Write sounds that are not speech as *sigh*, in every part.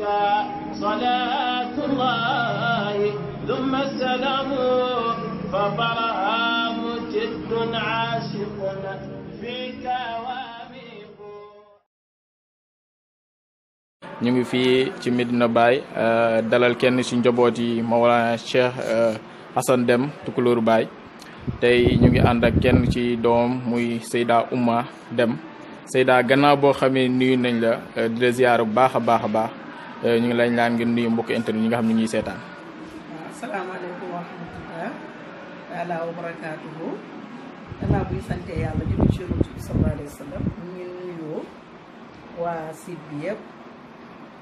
ñu ngi fii ci Medina Baye euh, dalal kenn ci njaboot yi Mawlana Cheikh euh, Assane Dème Tukulóoru Baye tey ñu ngi ànd ak kenn ci doom muy Seyda Ouma Dème Seyda gannaaw boo xamee nuyu nañ la euh, di la ziyaar bu baax a baax a baax Euh, ñu ngi lañ laan ngeen nuyu mbokk internet ñi nga xam ñu ngi seetaan.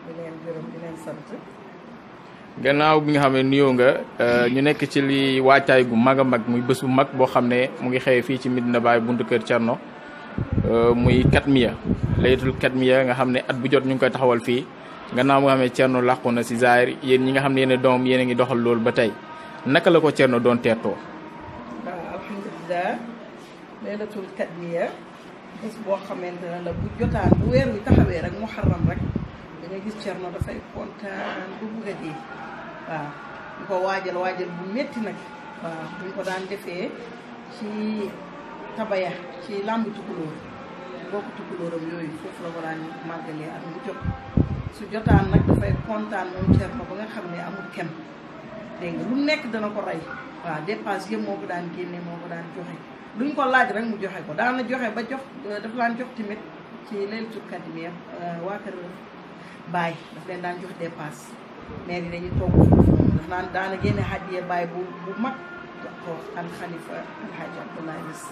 bi gannaaw bi nga xam ne nuyoo nga euh, ñu nekk ci li waajtaay gu mag a mag muy bés bu mag boo xam ne mu ngi xewee fii ci Medina Baye buntu kër Thierno euh, muy Katmiya laylatul Katmiya nga xam ne at bu jot ñu ngi koy taxawal fii. gannaaw nga xam ne Cerno làqu na si zaahir yéen ñi nga xam ne yéen doom yéen a ngi doxal loolu ba tey naka la ko Cerno doon teertoo. waaw ah, alhamdulilah laylatul katmiya bés boo xamante ne la bu jotaan bu weer wi taxawee rek muharram rek da gis Cerno dafay kontaan bu bugg a ji waaw ko waajal waajal bu métti nag waaw buñ ko daan defee ci tabaya ci làmb tukulóor bokk tukulóoram yooyu foofu la ko daan màggalee ak mu jot. su jotaan nag dafay kontaan moom Thierno ba nga xam ne amul kenn lu nekk dana ko rey waaw dépense yëpp moo ko daan génne moo ko daan joxe luñ ko laaj rek mu joxe ko daana joxe ba jox dafa daan jox tamit ci Laylatul Qadr eh, waa kër baay daf leen daan jox dépense maire yi dañuy toog foofu baay bu bu mag jox ko al xalifa al hajj Abdoulaye Niass.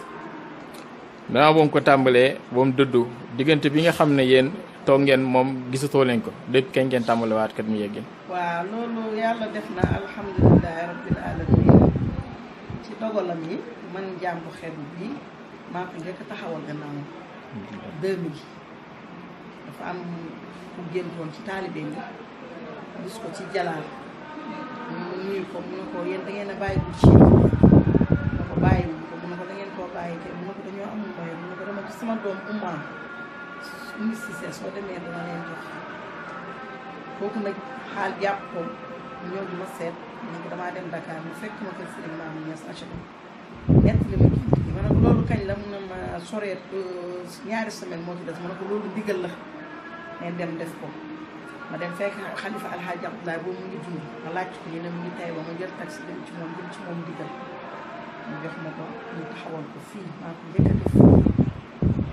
danaa boom ko tàmbalee boom dëddu diggante bi nga xam ne yéen toog ngeen moom gisatoo lañ ko lépp kañ ngeen tàmbaliwaat kat mu yeggee. waaw loolu yàlla def na alhamdulilah rabbil alamin ci dogalam yi man jàmbu xel bi maa ko njëkk a ku géntoon ci taalibe bi gis ko ci jalaal ko bu ci ko bàyyi koo bàyyi te mu ko dañoo amul mbéy mu ne ko dama gis sama doom ummaam suñu soo demee dama leen jox kooku nag xaal jàpp ko ñëw di ma seet ni ko damaa dem Dakar mu fekk ma kër Serigne Maam Niass HLM ko loolu kañ la na ma soreet ñaari semaine moo ci des ma ko loolu ndigal la ne dem def ko ma fekk xalifa alxaaji Abdoulaye boobu mu ngi dund ma ngi tay ba ma jël taxi dem ci moom ko fii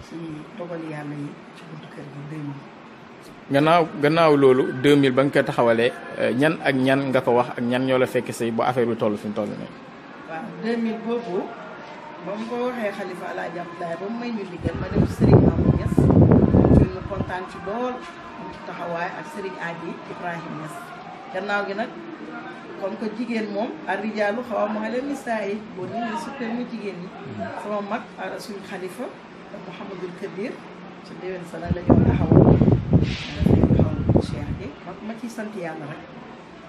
ci dogal yàlla yi ci buntu kër gi 2000. gannaaw gannaaw loolu 2000 ba nga koy taxawalee euh, ñan ak ñan nga ko wax ak ñan ñoo la fekk si ba affaire bi tollu fi mu toll nii. waaw ba mu may ñu liggéey ma dem Serigne Mamadou Niass ñu kontaan ci lool taxawaay ak Serigne Aji Ibrahima Niass gannaaw gi nag. comme que jigéen moom a rijaalu xaw a xale misaa yi boo nit ñi su mu jigéen ñi mm-hmm. sama mag euh, suñu xalifa ak Mouhamadul Kabir ci déwén ma ciy sant yàlla rek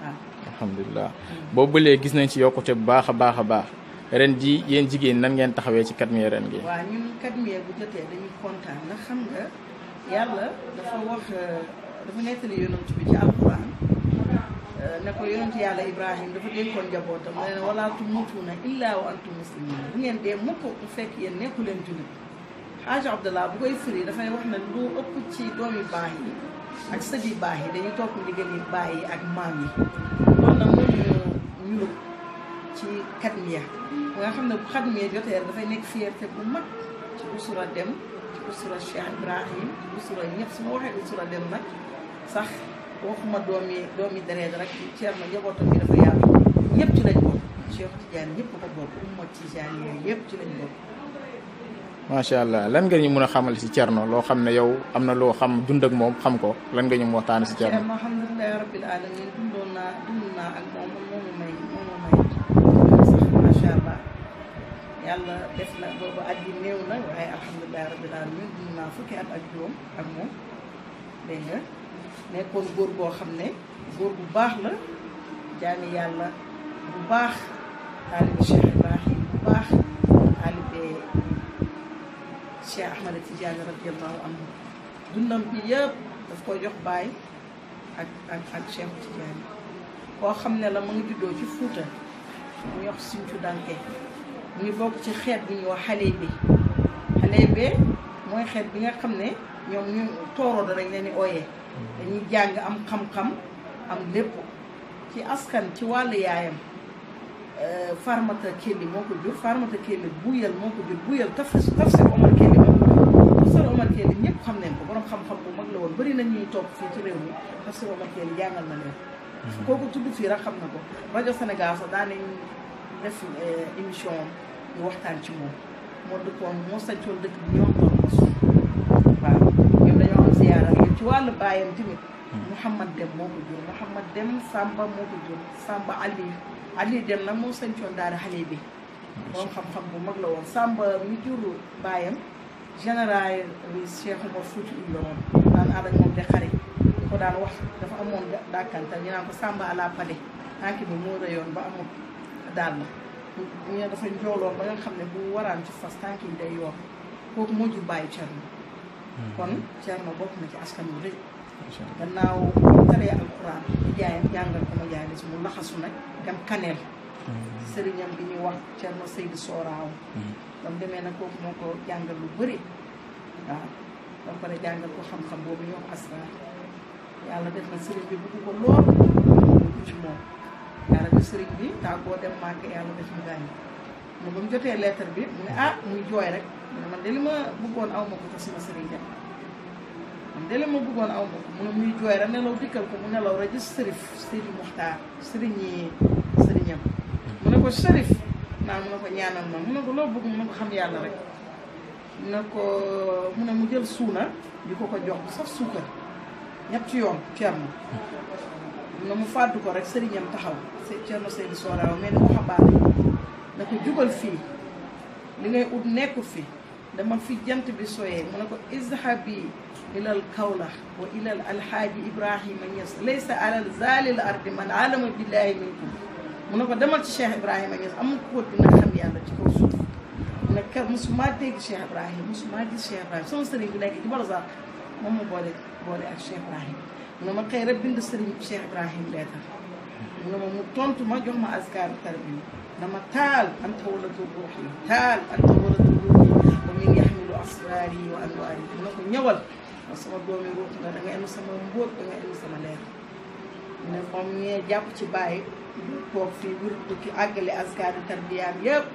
waaw. alhamdulilah boobu ba gis nañ ci yokkute bu baax a baax a baax ren ji yéen jigéen nan ngeen taxawee ci katmiya ren gi. waaw ñun katmiya bu dañuy kontaan ndax xam nga yàlla dafa wax euh, dafa nettali yonent bi ci alquran euh, ne ko yonent yàlla Ibrahim dafa dénkoon njabootam ne ne wala tumuutuuna illaa wa antum muslimuun bu ngeen dee mukk bu fekk yéen nekku leen jullit. Hadj Abdallah bu koy firi dafay wax ne lu ëpp ci doomi baax yi ak sëñ yu baax yi dañuy topp ndigal yi baax yi ak maam yi loolu nag moom ñu ci xatmiya nga xam ne bu xatmiya jotee dafay nekk fierté bu mag ci usura dem ci usura Cheikh Ibrahim ci usura ñëpp su ma waxee usura dem nag sax waxuma doomi doomi dereet rek Thierno njabootam bi dafa yaatu ñëpp ci lañ bokk Cheikh Tidiane ñëpp ko bokk umma Tijaaniya yëpp ci lañ bokk. macha allah lan nga ñu mën a xamal si Thierno loo xam ne yow am na loo xam dund ak moom xam ko lan nga ñu mu waxtaanee si Thierno. alhamdulilah rabbil alamin dundoon naa dund ak moom moomu may moomu may sax allah yàlla def na boobu at yi néew na waaye alhamdulilah rabbil alamin dund naa fukki at ak juróom ak moom dégg nekkoon góor boo xam ne góor bu baax la jaani yàlla bu baax taalibu Cheikh Cheikh Ahmada Tidiane radiyallahu anhu dundam bi yëpp daf ko jox baay ak ak ak Cheikh koo xam ne la mu ngi juddoo ci Fuuta mu yox Sinthiou Danke mu ngi bokk ci xeet bi ñuy wax Halebe Halebe mooy xeet bi nga xam ne ñoom ñu tooroo danañ leen di ooyee mm. dañuy jàng am xam-xam am lépp ci askan ci wàll yaayam Euh, Farmata Kébé moo ko jur Farmata Kébé buyal moo ko jur buyal taf Omar Kébé moo ko jur tafsir Omar Kébé ñëpp xam nañ ko borom xam-xam bu mag la woon bëri na ñuy toog fii ci réew mi tafsir Omar Kébé jàngal na leen. Hmm. kooku tudd fii rek xam na ko rajo Sénégal sax daan nañ def euh, émission ñu waxtaan ci moom moo dëkkoon moo sàncoon dëkk bi ñoom doon mos. waaw ñoom dañoo am ziyaara yëpp ci wàllu baayam tamit. Hmm. Mouhamad Dem moo ko jur Mouhamad Dem Samba moo ko Aliou Deme na moo sëncoon daara xale bi moom xam-xam bu mag la woon sàmba mi juru baayam général Cheikh Omar Fouti daan ko daan wax dafa amoon dàkkantal ñu naan ko la palais tànk bi moo ba amul daal la dafa njooloon ba nga xam ne bu waraan ci fas tànk yi day yoon kooku moo ju bàyyi Thierno hmm. kon Thierno bokk na ci askan wi rëy gannaaw bu taree alxuraan jaayam jàngal ko ma jaay bis mu laxasu nag dem kaneel hmm. sëriñam bi ñuy wax Cerno Seydou Sooraaw dam hmm. demee nag kooku ko jàngal lu bëri waaw jàngal ko xam-xam boobu ñuy wax asrar sëriñ bi bëgg ko lool bëgg ci moom yàlla bi taa boo dem jotee lettre bi mu ne ah muy jooy rek mu ne man de li ma bëggoon aw ma ko ko sama sëriñ dem man ma bëggoon aw ma ko mu muy jooy rek nelaw dikkal ko mu nelaw rek gis sërif sëriñ Muxtaar sëriñi sëriñam mu ne ko sërif naa mu ne ko ñaanal moom mu ne ko loo bëgg mu ne ko xam yàlla rek na ne ko mu ne mu jël suuna di ko ko jox bu saf suukar ñetti yoon ceerno mu ne mu fàddu ko rek sëriñam taxaw ceerno Seydou Sooraaw mais ni ko xabaar na ko jugal fii li ngay ut nekkul fi dama fi jant bi soyee mu ne ko izhabi ilal kawlax wa ilal alxaaji ibrahima ñes laysa alal zalil ardi man alama billaahi minkum mu ne ko demal ci cheikh ibrahima ñes amul ko dina xam yàlla ci kaw suuf mu ne kër musuma dégg cheikh ibrahima musuma gis cheikh ibrahima sama sëriñ bi nekk ci barzaq moom mu boole boole ak cheikh ibrahima mu ne ma xëy rek bind sëriñ bi cheikh ibrahima leetar mu ne ma mu tontu ma jox ma askar tarbi dama taal anta waladu ruuxi taal anta waladu ruuxi wa min yaxmilu asraari wa anwaari mu ne ko ñëwal ndax sama doomi ruux nga da am sama mbóot da nga sama leer moom ñee jàpp ci bàyyi ñu toog fii wir tukki àggale askari tarbiyaam yëpp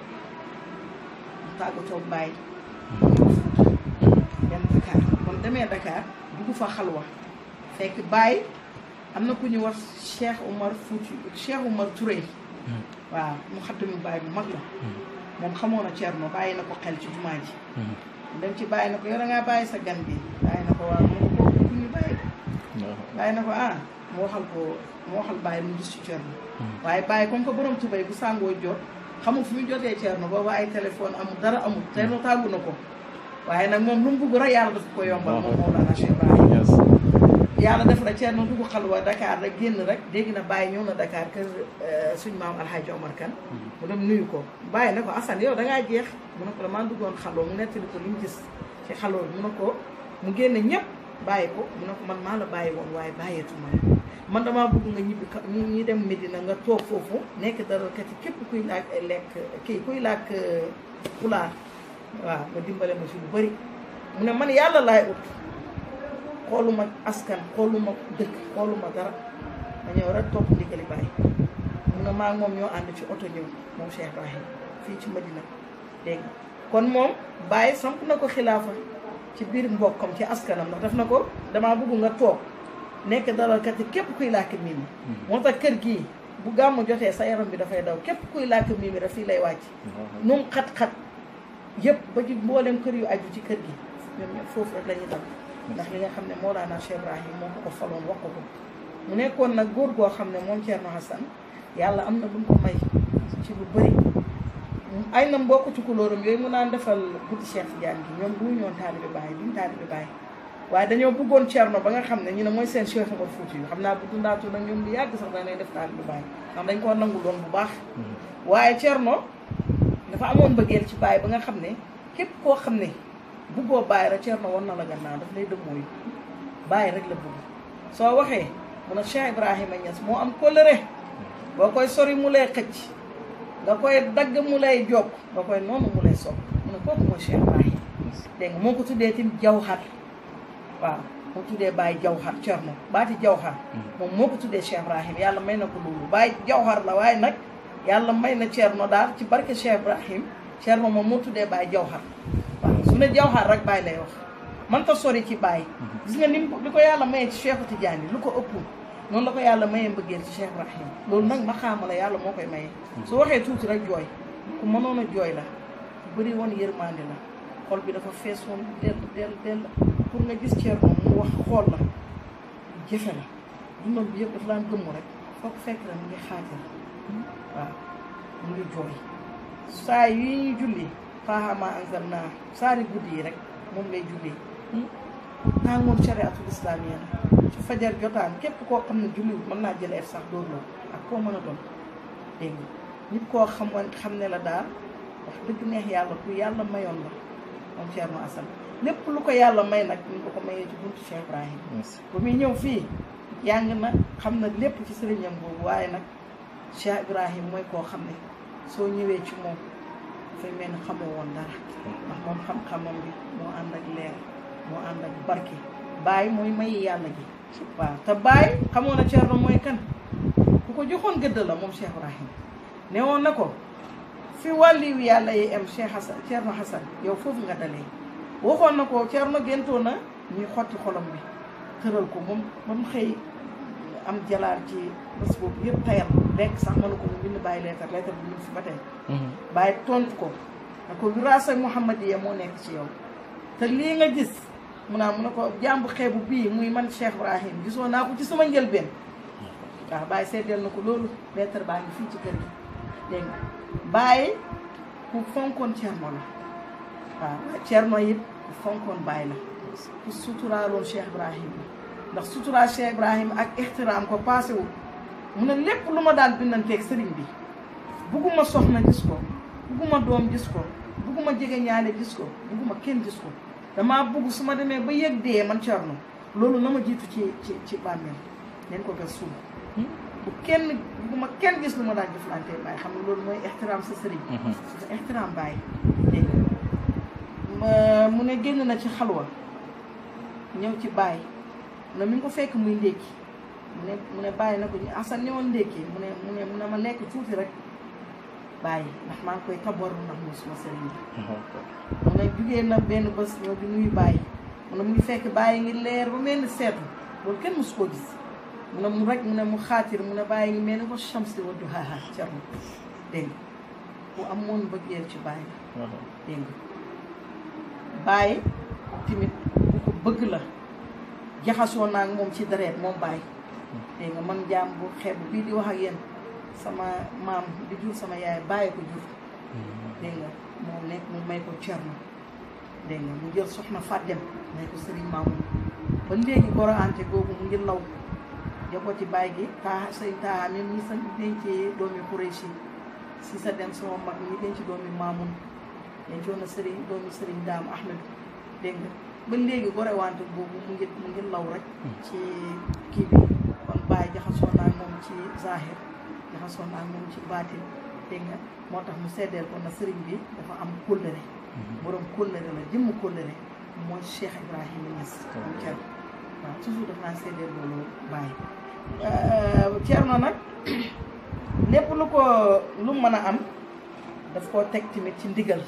mu tàggatoo bàyyi dem Dakar kon demee Dakar dugg fa xalwa fekk bàyyi am na ku ñu wax Cheikh Omar Fouti Cheikh Omar Touré hmm. waaw mu xattamu bàyyi bu mag la hmm. moom xamoon a Thierno bàyyi na ko xel ci jumaa ji hmm. dem ci bàyyi na ko yow da ngaa bàyyi sa gan bi bàyyi na ko waaw mu ko kooku ku ñu bàyyi bàyyi na ko ah, mu waxal ko mu waxal hmm. waaye bàyyi comme que borom tubay bu sàngoo jot xamul fu ñu jotee Cerno booba ay téléphone amul dara amul Cerno tàggu na ko waaye nag moom lu mu bëgg rek yàlla daf ko yombal moom moo la yàlla def na Thierno dugg xalwa Dakar rek génn rek dégg na Baye ñëw na Dakar kër euh, suñ maam Alhaji Omar kan mhm. mu dem nuyu ko bàyyi na ko Assane yow da ngaa jeex mu ne ko damaa duggoon xalwa mu nettali ko lu ñu gis ci xalwa bi mu ne ko mu génn ñëpp bàyyi ko mu ne ko man maa la bàyyi woon waaye bàyyeetuma man damaa bëgg nga ñibbi ñu dem na nga toog foofu nekk dara kat képp kuy laak lekk kii kuy laak euh, pulaar waaw nga dimbale ma si lu bëri mu xooluma askan xooluma dëkk xooluma dara ma ñëw rek topp ndigali bàyyi mun na maa moom ñoo ànd ci oto ñëw moom Cheikh Ibrahim fii ci Madina dégg kon moom bàyyi samp na ko xilaafa ci biir mbokkam ci askanam ndax daf na ko damaa bëgg nga toog nekk dalalkat yi képp kuy làkk miim mhm. moo tax kër gi bu gàmmu jotee sa yaram bi dafay daw képp kuy làkk miim mi fii lay wàcc mhm. nu mu xat-xat yëpp ba ci mboolem kër yu aju ci kër gi ñoom ñëpp foofu rek la ñuy ndax li nga xam ne Mawlana Cheikh Ibrahim moo ko ko faloon wax ko mu nekkoon nag góor goo xam ne moom Thierno Hassane yàlla am na lu mu ko may ci lu bari ay na mbokk ci kulóoram yooyu mu naan defal guddi Cheikh Tidiane gi ñoom duñu ñoon taalibe Baay duñu taalibe Baay waaye dañoo bëggoon Thierno ba nga xam ne ñu ne mooy seen Cheikh Omar Fouti yu xam naa bu dundaatoo nag ñoom lu yàgg sax dañ lay def taalibe Baay ndax dañ koo nangu doon bu baax mm-hmm. waaye Thierno dafa amoon bëggeel ci Baay ba nga xam ne képp koo xam ne bëggoo bàyyi rek Thierno war na la gannaaw daf lay dëmmooyu bàyyi rek la bëgg soo waxee mu ne Cheikh Ibrahima Niass moo am kóllëre boo koy sori mu lay xëcc nga koy dagg mu lay jokk nga koy noonu mu lay sopp mu ne kooku mooy Cheikh Ibrahima nga moo ko tuddee tim jawhar waaw moo tuddee Baye jawhar Thierno baati jawhar moom moo ko tuddee Cheikh Ibrahima yàlla may na ko loolu Baye jawhar la waaye nag yàlla may na Thierno daal ci barke Cheikh Ibrahim Thierno moom moo tuddee Baye jawhar ne jawxaar rek bàyyi lay wax man ta sori ci bàyyi mhm. gis nga ni li ko yàlla mayee ci Cheikh Tidiane lu ko ëpp noonu la ko yàlla mayee mbëggeel ci Cheikh Ibrahim loolu nag ma xaama la yàlla moo koy mayee mhm. su tuuti rek jooy ku a jooy la bëri woon yërmande la xol bi dafa fees woon dell dell dell pour nga gis ceer moom mu wax xool la jëfe la dundam bi yëpp dafa daan gëmmu rek foog fekk la mu ngi xaatir mhm. waaw mu ngi jooy saa yi julli faaxamaa anzalna saari guddi yi rek moom lay julli hmm? naag moom chariatul islamiya la ci fajar jotaan képp koo xam ne julliwut mën naa jël sax dóor la ak koo mën a doon dégg nga koo xam xam ne la daal wax dëgg neex yàlla ku yàlla mayoon la moom Thierno Assane lépp lu ko yàlla may nag ñu ko ko mayee ci buntu Cheikh Ibrahim bu muy ñëw fii yàng na xam na lépp ci sëriñam boobu waaye nag Cheikh Ibrahim mooy koo xam ne soo ñëwee ci moom dafay mel ni xamoo woon dara hmm. ndax moom xam-xamam bi moo ànd ak leer moo ànd ak barke bàyyi mooy may yàlla gi waaw te bàyyi xamoon na Thierno mooy kan ku ko joxoon gëdd la moom Cheikh Ibrahim ne woon na ko fi wàlliw yàlla yi am Cheikh Hassan Thierno Hassan yow foofu nga dalee waxoon na ko Thierno géntoon na ñuy xotti xolom bi tëral ko moom ba mu xëy am jalaar ci bés boobu yëpp tayal lekk sax mënu ko mu bind bàyyi leetar leetar bi ñu fi ba tey mhm. bàyyi tontu ko na ko wiraasa muhammadiya moo nekk ci yow te lii nga gis mu naa mu ne ko jàmb xeebu bii muy man Cheikh Ibrahim gisoo naa ko ci sama njëlbeen waaw bàyyi seddeel na ko loolu leetar baa ngi fii ci kër gi dégg nga bàyyi ku fonkoon Cerno la waaw Cerno it la ku suturaaloon Cheikh Ibrahim ndax sutura Cheikh Ibrahim ak ixtiraam ko passé wu mu ne lépp lu ma daan bindanteeg sëriñ bi bugguma soxna gis ko bugguma doom gis ko bugguma jege ñaale gis ko bugguma kenn gis ko damaa bugg su ma demee ba yëg dee man Cerno loolu na ma jiitu ci ci ci bàmmeel leen ko gas suuf bu kenn bugguma kenn gis lu ma daan jëflante baay xam ne loolu mooy ixtiraam sa sëriñ mhm. sa ixtiraam baay dégg mu ne génn na ci xalwa ñëw ci baay ne mi ngi ko fekk muy ndékki mu ne mu ne bàyyi na ko ñu asan ah, ni woon ndékkee mu ne mu ne mu ne ma lekk tuuti rek bàyyi ndax maa ngi koy taboor ndax mu suma sëriñ bi mu ne jugee na benn bés ñoo di nuyu bàyyi mu ne fekk bàyyi ngi leer ba mel ni seetu loolu kenn mosu koo gis mu na mu rek mun na mu xaatir mu ne bàyyi ngi mel ni ko chamsi wa duhaaha cerno dégg nga ku amoon bëggeel ci bàyyi dégg nga bàyyi timit bu ko bëgg la jaxasoo naa moom ci deret moom bàyyi dégg nga man jaam bu xeebu bii di wax ak yéen sama maam di jur sama yaay bàyyi ko jur dégg nga moo nekk mu may ko cerno dégg nga mu jël soxna Fàddem may ko sëriñ Maamun ba léegi goro ante mu ngi law jox ko ci bàyyi gi taa sëriñ taa mi ñi sa dencee doomi Kureysi si sa dem sama mag ñi denc doomi Maamun dencoon na sëriñ doomi sëriñ Daam Ahmed dégg nga ba léegi gore wante boobu mu ngi mu ngi law rek hmm. ci kii bi kon bàyyi jaxasoo naa moom ci zahir jaxasoo naa moom ci baatin te nga moo tax mu seddeel ko na sëriñ bi dafa am kóllëre hmm. borom kóllëre la jëmm kóllëre mooy Cheikh Ibrahima Niass mu Thierno waaw toujours daf naa seddeel loolu bàyyi euh, Thierno nag *clears throat* lépp lu ko lu mën a am daf koo teg tamit ci ndigal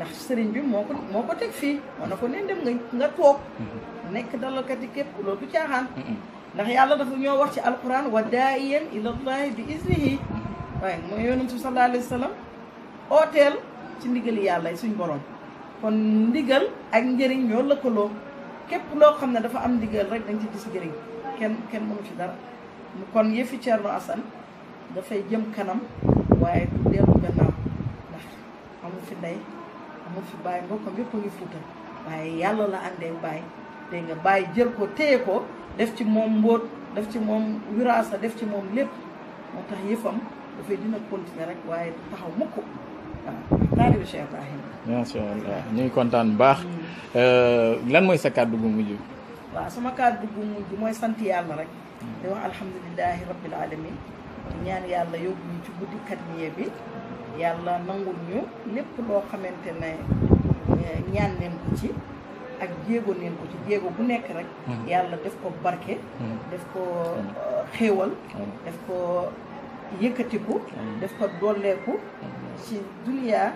ndax sëriñ bi moo ko moo ko teg fii moo na ko neen dem nga nga toog mm-hmm. nekk dalalkat yi képp loolu du caaxaan mm-hmm. ndax yàlla dafa ñoo wax ci alquran wa daa'iyan bi iznihi mm-hmm. waaye mooy yonent bi sallallahu alayhi wa sallam ooteel ci ndigali yàlla suñ borom kon ndigal ak njëriñ ñoo lëkkaloo képp loo xam ne dafa am ndigal rek dañ ci gis njëriñ kenn kenn mënu ci dara kon yëfi Thierno Assane dafay jëm kanam waaye du dellu gannaaw ndax amu fi ndey moo fi bàyyi mbokkam yëpp a ngi fuuta waaye yàlla la àndee bàyyi dégg nga bàyyi jël ko téye ko def ci moom mbóot def ci moom wiraasa def ci moom lépp moo tax yëfam dafay dina continuer rek waaye taxaw mukk waaw taalibi Cheikh Ibrahima macha allah ñu ngi kontaan baax mm. euh, lan mooy sa kàddu gu mujj waa sama kàddu gu mujj mooy sant yàlla rek mm. di wax alhamdulilahi rabbil alamin ñaan yàlla yóbbu ci guddi katmiye bi yàlla nangul ñu lépp loo xamante ne eh, ñaan neen ko ci ak jéego neen ko ci jéego bu nekk rek hmm. yàlla def ko barke hmm. def ko hmm. eh, xéewal def ko yëkkatiku def ko dolleeku ci duniyaa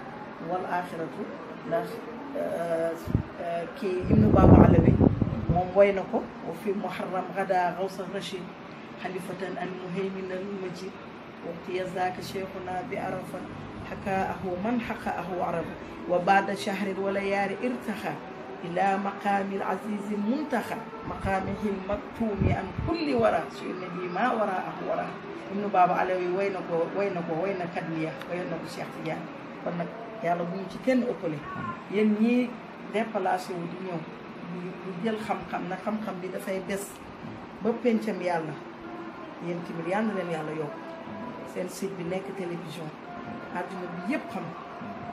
wal aaxiratu ndax eh, kii ibnu baaba alawi moom woy na ko wa fi muharram gada xawsa rachid xalifatan al muhaymin al majid وامتيازك شيخنا بعرفة حكاه من حقاه عرب وبعد شهر وليار ارتخى إلى مقام العزيز المنتخى مقامه المكتوم عن كل وراء شيء النبي ما وراءه وراء ابن بابا علوي وينك وينك وينك كدمية وينك الشيخ تيان kon nag yàlla bu ñu ci kenn ëppale yéen ñii déplacé wu di ñëw di jël xam-xam na xam-xam bi dafay des ba pencam yàlla yéen tamit yàlla na leen yàlla yokk seen site bi nekk télévision àdduna bi yëpp xam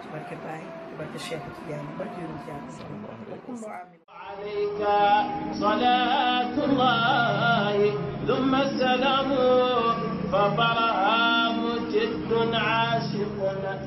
ci barke Baay ci barke Cheikh Tidiane barke Yonent Yàlla sallallahu alayhi wa